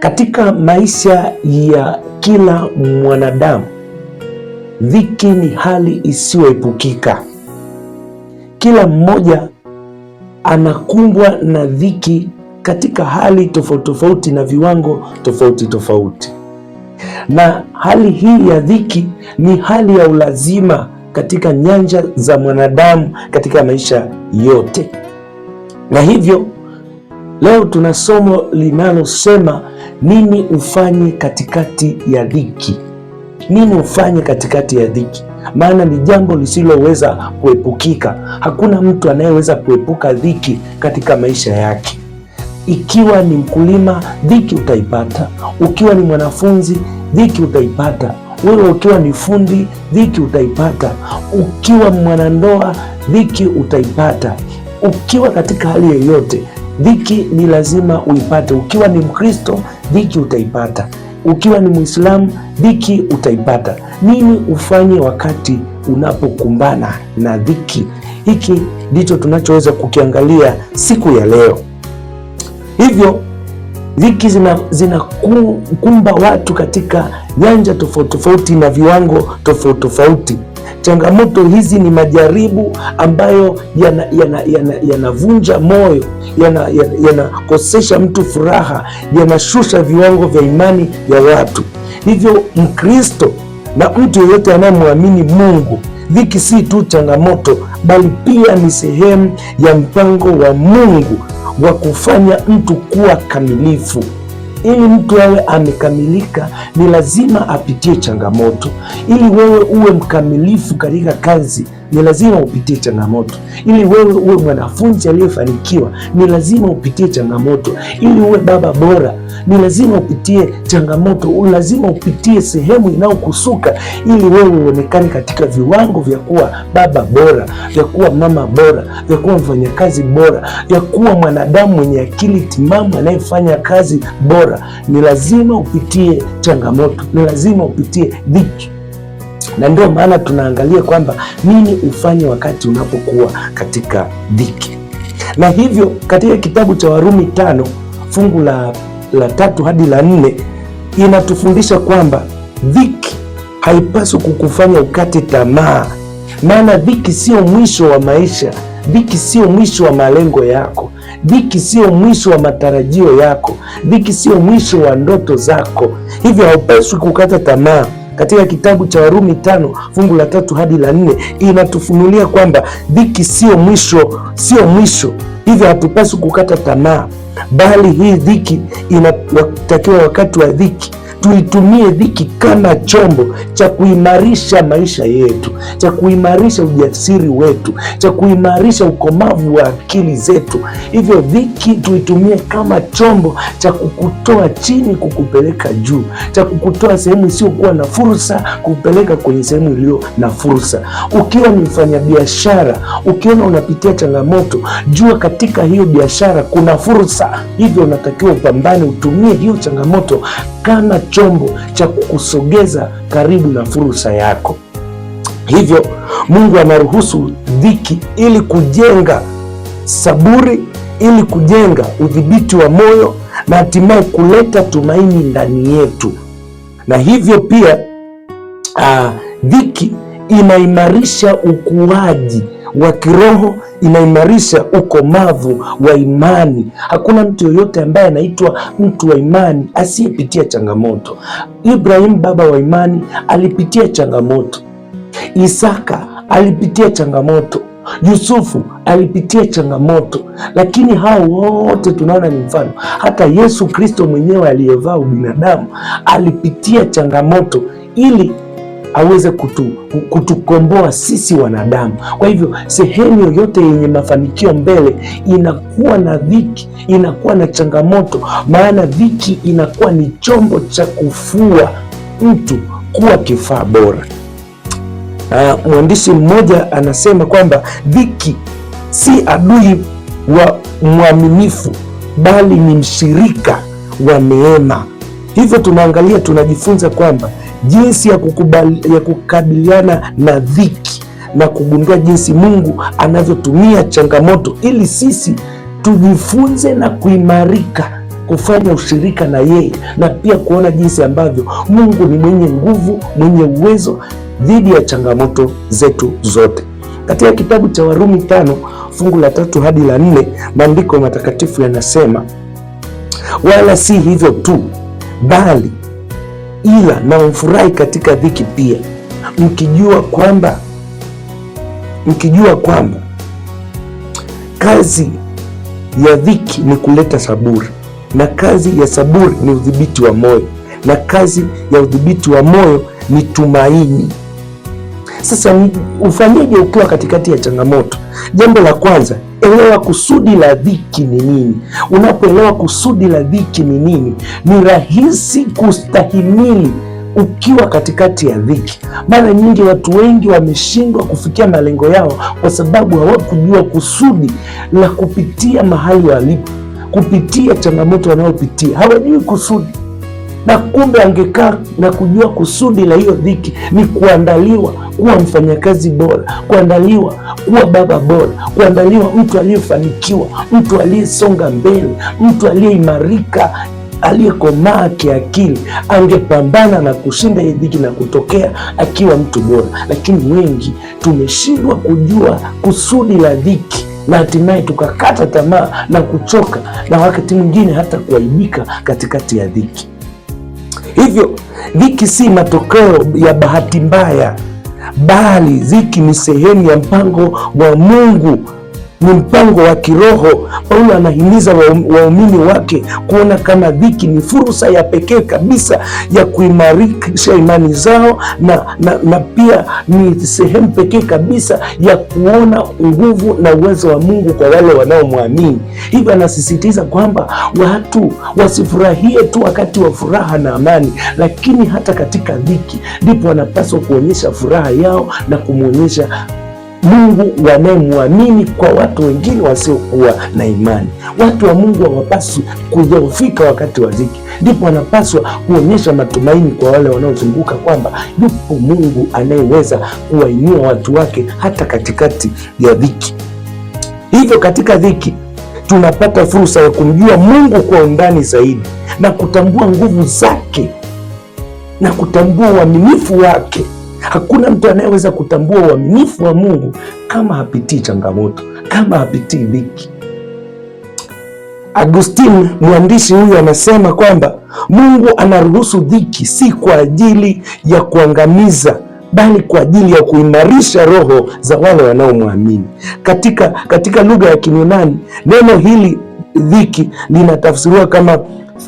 Katika maisha ya kila mwanadamu, dhiki ni hali isiyoepukika. Kila mmoja anakumbwa na dhiki katika hali tofauti tofauti na viwango tofauti tofauti, na hali hii ya dhiki ni hali ya ulazima katika nyanja za mwanadamu katika maisha yote, na hivyo Leo tuna somo linalosema nini ufanye katikati ya dhiki. Nini ufanye katikati ya dhiki? Maana ni jambo lisiloweza kuepukika. Hakuna mtu anayeweza kuepuka dhiki katika maisha yake. Ikiwa ni mkulima, dhiki utaipata. Ukiwa ni mwanafunzi, dhiki utaipata. Wewe ukiwa ni fundi, dhiki utaipata. Ukiwa mwanandoa, dhiki utaipata. Ukiwa katika hali yoyote Dhiki ni lazima uipate. Ukiwa ni Mkristo, dhiki utaipata. Ukiwa ni Mwislamu, dhiki utaipata. Nini ufanye wakati unapokumbana na dhiki? Hiki ndicho tunachoweza kukiangalia siku ya leo. Hivyo dhiki zinakumba zina watu katika nyanja tofauti tofauti na viwango tofauti tofauti. Changamoto hizi ni majaribu ambayo yanavunja yana, yana, yana moyo, yanakosesha yana, yana mtu furaha, yanashusha viwango vya imani ya watu. Hivyo Mkristo na mtu yeyote anayemwamini Mungu, dhiki si tu changamoto, bali pia ni sehemu ya mpango wa Mungu wa kufanya mtu kuwa kamilifu. Ili mtu awe amekamilika ni lazima apitie changamoto. Ili wewe uwe mkamilifu katika kazi ni lazima upitie changamoto. Ili wewe uwe mwanafunzi aliyefanikiwa, ni lazima upitie changamoto. Ili uwe baba bora, ni lazima upitie changamoto, lazima upitie sehemu inayokusuka, ili wewe uonekane katika viwango vya kuwa baba bora, vya kuwa mama bora, vya kuwa mfanyakazi bora, vya kuwa mwanadamu mwenye akili timamu anayefanya kazi bora. Ni lazima upitie changamoto, ni lazima upitie dhiki na ndio maana tunaangalia kwamba nini ufanye wakati unapokuwa katika dhiki, na hivyo katika kitabu cha Warumi tano fungu la, la tatu hadi la nne inatufundisha kwamba dhiki haipaswi kukufanya ukate tamaa, maana dhiki sio mwisho wa maisha. Dhiki sio mwisho wa malengo yako. Dhiki sio mwisho wa matarajio yako. Dhiki sio mwisho wa ndoto zako. Hivyo haupaswi kukata tamaa katika kitabu cha Warumi tano fungu la tatu hadi la nne inatufunulia kwamba dhiki sio mwisho, sio mwisho. Hivyo hatupaswi kukata tamaa, bali hii dhiki inatakiwa wakati wa dhiki tuitumie dhiki kama chombo cha kuimarisha maisha yetu, cha kuimarisha ujasiri wetu, cha kuimarisha ukomavu wa akili zetu. Hivyo dhiki tuitumie kama chombo cha kukutoa chini, kukupeleka juu, cha kukutoa sehemu isiyokuwa na fursa, kupeleka kwenye sehemu iliyo na fursa. Ukiwa ni mfanyabiashara, ukiona unapitia changamoto, jua katika hiyo biashara kuna fursa, hivyo unatakiwa upambane, utumie hiyo changamoto kama chombo cha kukusogeza karibu na fursa yako. Hivyo Mungu anaruhusu dhiki ili kujenga saburi, ili kujenga udhibiti wa moyo na hatimaye kuleta tumaini ndani yetu. Na hivyo pia ah, dhiki inaimarisha ukuaji wa kiroho inaimarisha ukomavu wa imani. Hakuna mtu yoyote ambaye anaitwa mtu wa imani asiyepitia changamoto. Ibrahimu baba wa imani alipitia changamoto, Isaka alipitia changamoto, Yusufu alipitia changamoto, lakini hao wote tunaona ni mfano. Hata Yesu Kristo mwenyewe aliyevaa ubinadamu alipitia changamoto ili aweze kutu, kutukomboa sisi wanadamu. Kwa hivyo sehemu yoyote yenye mafanikio mbele inakuwa na dhiki, inakuwa na changamoto, maana dhiki inakuwa ni chombo cha kufua mtu kuwa kifaa bora. Uh, mwandishi mmoja anasema kwamba dhiki si adui wa mwaminifu bali ni mshirika wa neema. Hivyo tunaangalia, tunajifunza kwamba jinsi ya, kukubali, ya kukabiliana na dhiki na kugundua jinsi Mungu anavyotumia changamoto ili sisi tujifunze na kuimarika kufanya ushirika na yeye na pia kuona jinsi ambavyo Mungu ni mwenye nguvu, mwenye uwezo dhidi ya changamoto zetu zote. Katika kitabu cha Warumi tano fungu la tatu hadi la nne maandiko matakatifu yanasema, wala si hivyo tu, bali ila na mfurahi katika dhiki pia, mkijua kwamba mkijua kwamba kazi ya dhiki ni kuleta saburi, na kazi ya saburi ni udhibiti wa moyo, na kazi ya udhibiti wa moyo ni tumaini. Sasa ufanyeje ukiwa katikati ya changamoto? Jambo la kwanza, elewa kusudi la dhiki ni nini. Unapoelewa kusudi la dhiki ni nini, ni rahisi kustahimili ukiwa katikati ya dhiki. Mara nyingi watu wengi wameshindwa kufikia malengo yao kwa sababu hawakujua kusudi la kupitia mahali walipo, kupitia changamoto wanayopitia, hawajui kusudi na kumbe angekaa na kujua kusudi la hiyo dhiki ni kuandaliwa kuwa mfanyakazi bora, kuandaliwa kuwa baba bora, kuandaliwa mtu aliyefanikiwa, mtu aliyesonga mbele, mtu aliyeimarika, aliyekomaa kiakili, angepambana na kushinda hiyo dhiki na kutokea akiwa mtu bora. Lakini wengi tumeshindwa kujua kusudi la dhiki na hatimaye tukakata tamaa na kuchoka na wakati mwingine hata kuaibika katikati ya dhiki. Hivyo dhiki si matokeo ya bahati mbaya, bali dhiki ni sehemu ya mpango wa Mungu ni mpango wa kiroho. Paulo anahimiza waumini wake kuona kama dhiki ni fursa ya pekee kabisa ya kuimarisha imani zao na, na, na pia ni sehemu pekee kabisa ya kuona nguvu na uwezo wa Mungu kwa wale wanaomwamini. Hivyo anasisitiza kwamba watu wasifurahie tu wakati wa furaha na amani, lakini hata katika dhiki ndipo wanapaswa kuonyesha furaha yao na kumwonyesha Mungu wanayemwamini kwa watu wengine wasiokuwa na imani. Watu wa Mungu hawapaswi kudhoofika wakati wa dhiki, ndipo wanapaswa kuonyesha matumaini kwa wale wanaozunguka kwamba yupo Mungu anayeweza kuwainua watu wake hata katikati ya dhiki. Hivyo katika dhiki tunapata fursa ya kumjua Mungu kwa undani zaidi na kutambua nguvu zake na kutambua uaminifu wake. Hakuna mtu anayeweza kutambua uaminifu wa Mungu kama hapitii changamoto, kama hapitii dhiki. Agustin mwandishi huyu anasema kwamba Mungu anaruhusu dhiki si kwa ajili ya kuangamiza bali kwa ajili ya kuimarisha roho za wale wanaomwamini. Katika, katika lugha ya Kiyunani neno hili dhiki linatafsiriwa kama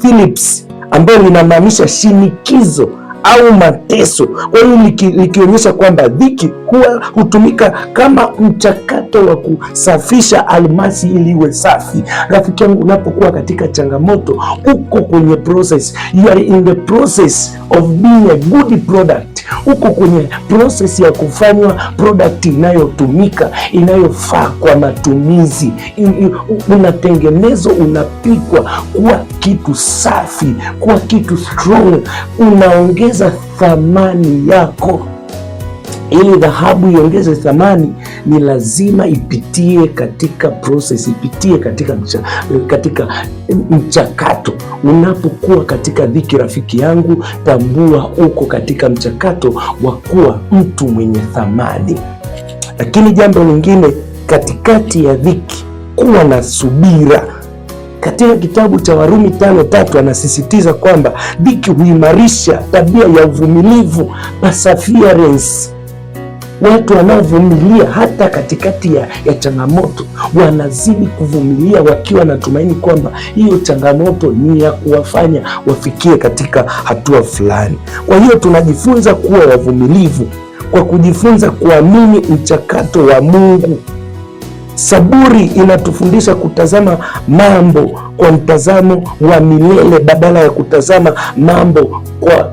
Philips, ambayo linamaanisha shinikizo au mateso. Kwa hiyo likionyesha kwamba dhiki huwa hutumika kama mchakato wa kusafisha almasi ili iwe safi. Rafiki yangu, unapokuwa katika changamoto, uko kwenye process, you are in the process of being a good product, uko kwenye process ya kufanywa product inayotumika inayofaa kwa matumizi, unatengenezwa, unapikwa kuwa kitu safi, kuwa kitu strong, unaongea ongeza thamani yako. Ili dhahabu iongeze thamani, ni lazima ipitie katika process, ipitie katika, mcha, katika mchakato. Unapokuwa katika dhiki, rafiki yangu, tambua uko katika mchakato wa kuwa mtu mwenye thamani. Lakini jambo lingine, katikati ya dhiki, kuwa na subira. Katika kitabu cha Warumi tano tatu anasisitiza kwamba dhiki huimarisha tabia ya uvumilivu, perseverance. Watu wanaovumilia hata katikati ya, ya changamoto wanazidi kuvumilia wakiwa wanatumaini kwamba hiyo changamoto ni ya kuwafanya wafikie katika hatua fulani. Kwa hiyo tunajifunza kuwa wavumilivu kwa kujifunza kuamini mchakato wa Mungu. Saburi inatufundisha kutazama mambo kwa mtazamo wa milele badala ya kutazama mambo kwa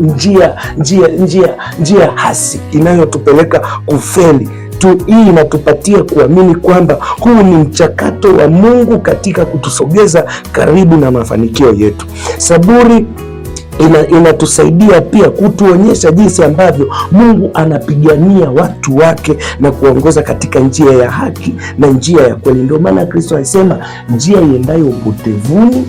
njia njia njia njia hasi inayotupeleka kufeli tu. Hii inatupatia kuamini kwamba huu ni mchakato wa Mungu katika kutusogeza karibu na mafanikio yetu. Saburi inatusaidia ina pia kutuonyesha jinsi ambavyo Mungu anapigania watu wake na kuongoza katika njia ya haki na njia ya kweli. Ndio maana Kristo alisema njia iendayo upotevuni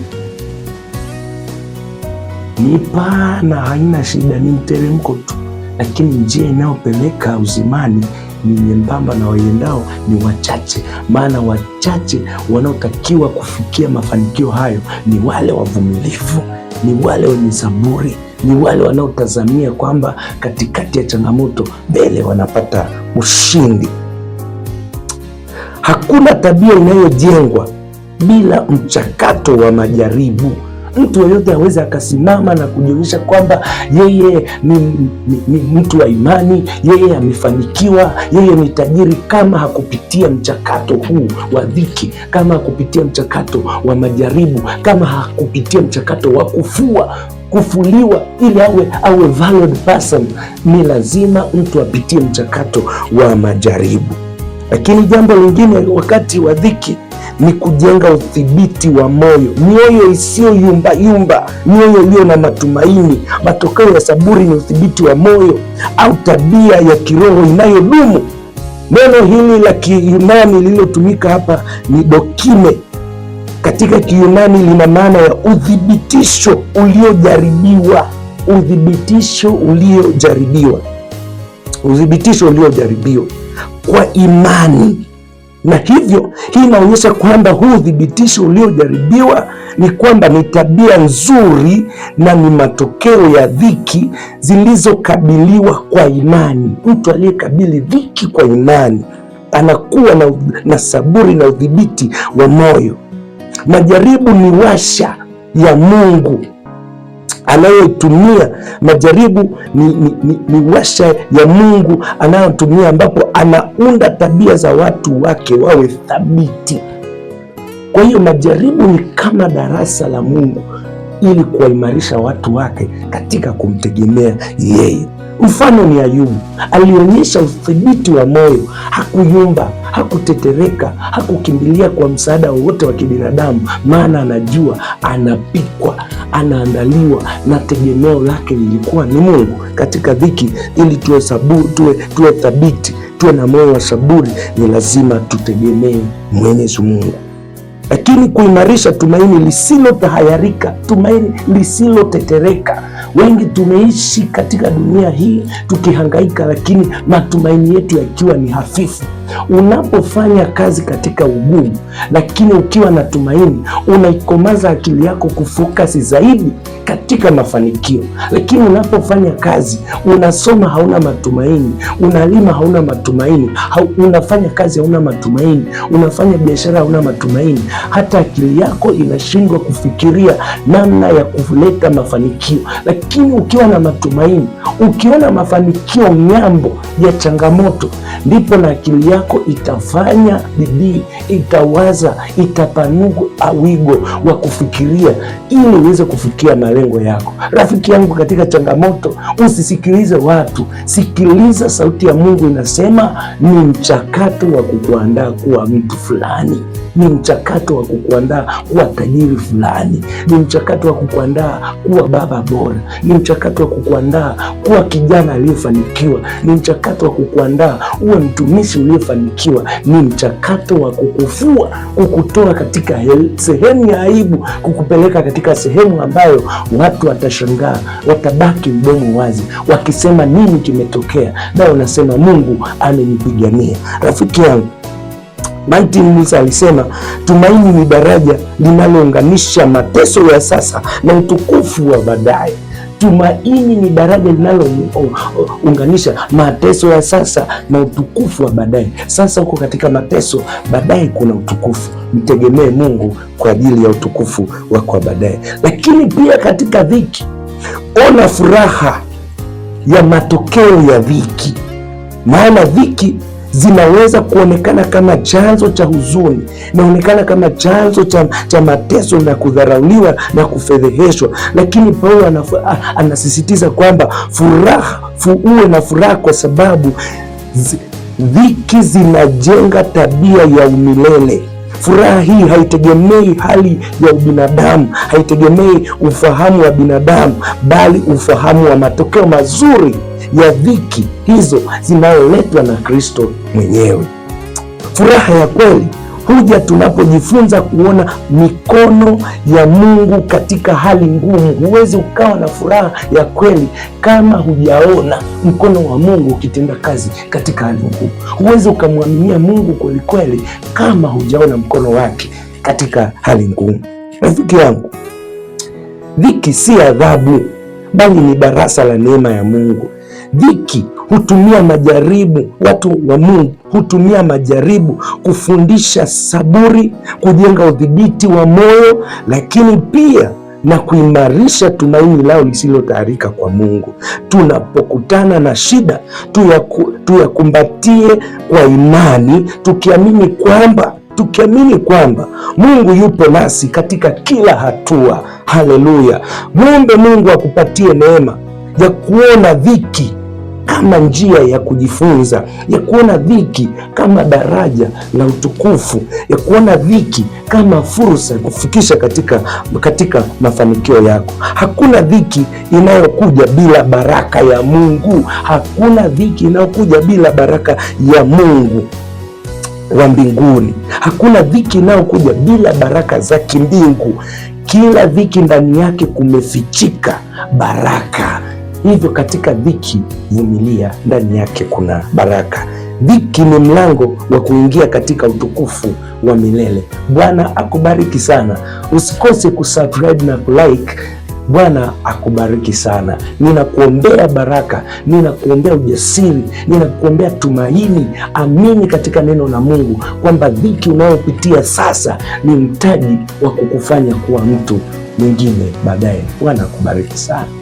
ni pana, haina shida, ni mteremko tu, lakini njia inayopeleka uzimani ni nyembamba na waiendao ni wachache. Maana wachache wanaotakiwa kufikia mafanikio hayo ni wale wavumilivu ni wale wenye saburi, ni wale wanaotazamia kwamba katikati ya changamoto mbele wanapata ushindi. Hakuna tabia inayojengwa bila mchakato wa majaribu mtu yoyote aweze akasimama na kujionyesha kwamba yeye ni, ni, ni mtu wa imani, yeye amefanikiwa, yeye ni tajiri, kama hakupitia mchakato huu wa dhiki, kama hakupitia mchakato wa majaribu, kama hakupitia mchakato wa kufua kufuliwa ili awe awe valid person, ni lazima mtu apitie mchakato wa majaribu. Lakini jambo lingine wakati wa dhiki ni kujenga udhibiti wa moyo, mioyo isiyo yumba yumba, mioyo iliyo na matumaini. Matokeo ya saburi ni udhibiti wa moyo au tabia ya kiroho inayodumu. Neno hili la Kiyunani lililotumika hapa ni dokime. Katika Kiyunani lina maana ya uthibitisho uliojaribiwa, uthibitisho uliojaribiwa, uthibitisho uliojaribiwa kwa imani, na hivyo hii inaonyesha kwamba huu uthibitisho uliojaribiwa ni kwamba ni tabia nzuri na ni matokeo ya dhiki zilizokabiliwa kwa imani. Mtu aliyekabili dhiki kwa imani anakuwa na, na saburi na udhibiti wa moyo. Majaribu ni washa ya Mungu anayotumia majaribu ni, ni, ni, ni washa ya Mungu anayotumia, ambapo anaunda tabia za watu wake wawe thabiti. Kwa hiyo majaribu ni kama darasa la Mungu ili kuwaimarisha watu wake katika kumtegemea yeye. Mfano ni Ayubu, alionyesha uthibiti wa moyo, hakuyumba, hakutetereka, hakukimbilia kwa msaada wowote wa kibinadamu, maana anajua anapikwa, anaandaliwa na tegemeo lake lilikuwa ni Mungu. Katika dhiki, ili tuwe saburi, tuwe, tuwe thabiti, tuwe na moyo wa saburi, ni lazima tutegemee Mwenyezi Mungu lakini kuimarisha tumaini lisilotahayarika, tumaini lisilotetereka. Wengi tumeishi katika dunia hii tukihangaika, lakini matumaini yetu yakiwa ni hafifu. Unapofanya kazi katika ugumu, lakini ukiwa na tumaini, unaikomaza akili yako kufokasi zaidi katika mafanikio. Lakini unapofanya kazi, unasoma hauna matumaini, unalima hauna matumaini, unafanya kazi hauna matumaini, unafanya biashara hauna matumaini hata akili yako inashindwa kufikiria namna ya kuleta mafanikio. Lakini ukiwa na matumaini, ukiona mafanikio ng'ambo ya changamoto, ndipo na akili yako itafanya bidii, itawaza, itapanua wigo wa kufikiria ili uweze kufikia malengo yako. Rafiki yangu, katika changamoto usisikilize watu, sikiliza sauti ya Mungu inasema ni mchakato wa kukuandaa kuwa mtu fulani ni mchakato wa kukuandaa kuwa tajiri fulani, ni mchakato wa kukuandaa kuwa baba bora, ni mchakato wa kukuandaa kuwa kijana aliyefanikiwa, ni mchakato wa kukuandaa uwe mtumishi uliyefanikiwa, ni mchakato wa kukufua, kukutoa katika sehemu ya aibu, kukupeleka katika sehemu ambayo watu watashangaa, watabaki mdomo wazi, wakisema nini kimetokea, na unasema Mungu amenipigania. Rafiki yangu Martin Luther alisema tumaini ni daraja linalounganisha mateso ya sasa na utukufu wa baadaye. Tumaini ni daraja linalounganisha mateso ya sasa na utukufu wa baadaye. Sasa uko katika mateso, baadaye kuna utukufu. Mtegemee Mungu kwa ajili ya utukufu wako wa baadaye. Lakini pia katika dhiki, ona furaha ya matokeo ya dhiki, maana dhiki zinaweza kuonekana kama chanzo cha huzuni, inaonekana kama chanzo cha, cha mateso na kudharauliwa na kufedheheshwa, lakini Paulo anasisitiza kwamba furaha uwe na furaha kwa sababu dhiki zinajenga tabia ya umilele. Furaha hii haitegemei hali ya ubinadamu, haitegemei ufahamu wa binadamu, bali ufahamu wa matokeo mazuri ya dhiki hizo zinayoletwa na Kristo mwenyewe. Furaha ya kweli huja tunapojifunza kuona mikono ya Mungu katika hali ngumu. Huwezi ukawa na furaha ya kweli kama hujaona mkono wa Mungu ukitenda kazi katika hali ngumu. Huwezi ukamwaminia Mungu kweli kweli kama hujaona mkono wake katika hali ngumu. Rafiki yangu, dhiki si adhabu, bali ni darasa la neema ya Mungu. Dhiki hutumia majaribu, watu wa Mungu hutumia majaribu kufundisha saburi, kujenga udhibiti wa moyo, lakini pia na kuimarisha tumaini lao lisilotaarika kwa Mungu. Tunapokutana na shida, tuyakumbatie kwa imani, tukiamini kwamba tukiamini kwamba Mungu yupo nasi katika kila hatua. Haleluya! Mwombe Mungu akupatie neema ya kuona dhiki kama njia ya kujifunza, ya kuona dhiki kama daraja la utukufu, ya kuona dhiki kama fursa ya kufikisha katika, katika mafanikio yako. Hakuna dhiki inayokuja bila baraka ya Mungu. Hakuna dhiki inayokuja bila baraka ya Mungu wa mbinguni. Hakuna dhiki inayokuja bila baraka za kimbingu. Kila dhiki ndani yake kumefichika baraka. Hivyo katika dhiki vumilia, ndani yake kuna baraka. Dhiki ni mlango wa kuingia katika utukufu wa milele. Bwana akubariki sana, usikose kusubscribe na kulike. Bwana akubariki sana. Ninakuombea baraka, ninakuombea ujasiri, ninakuombea tumaini. Amini katika neno la Mungu kwamba dhiki unayopitia sasa ni mtaji wa kukufanya kuwa mtu mwingine baadaye. Bwana akubariki sana.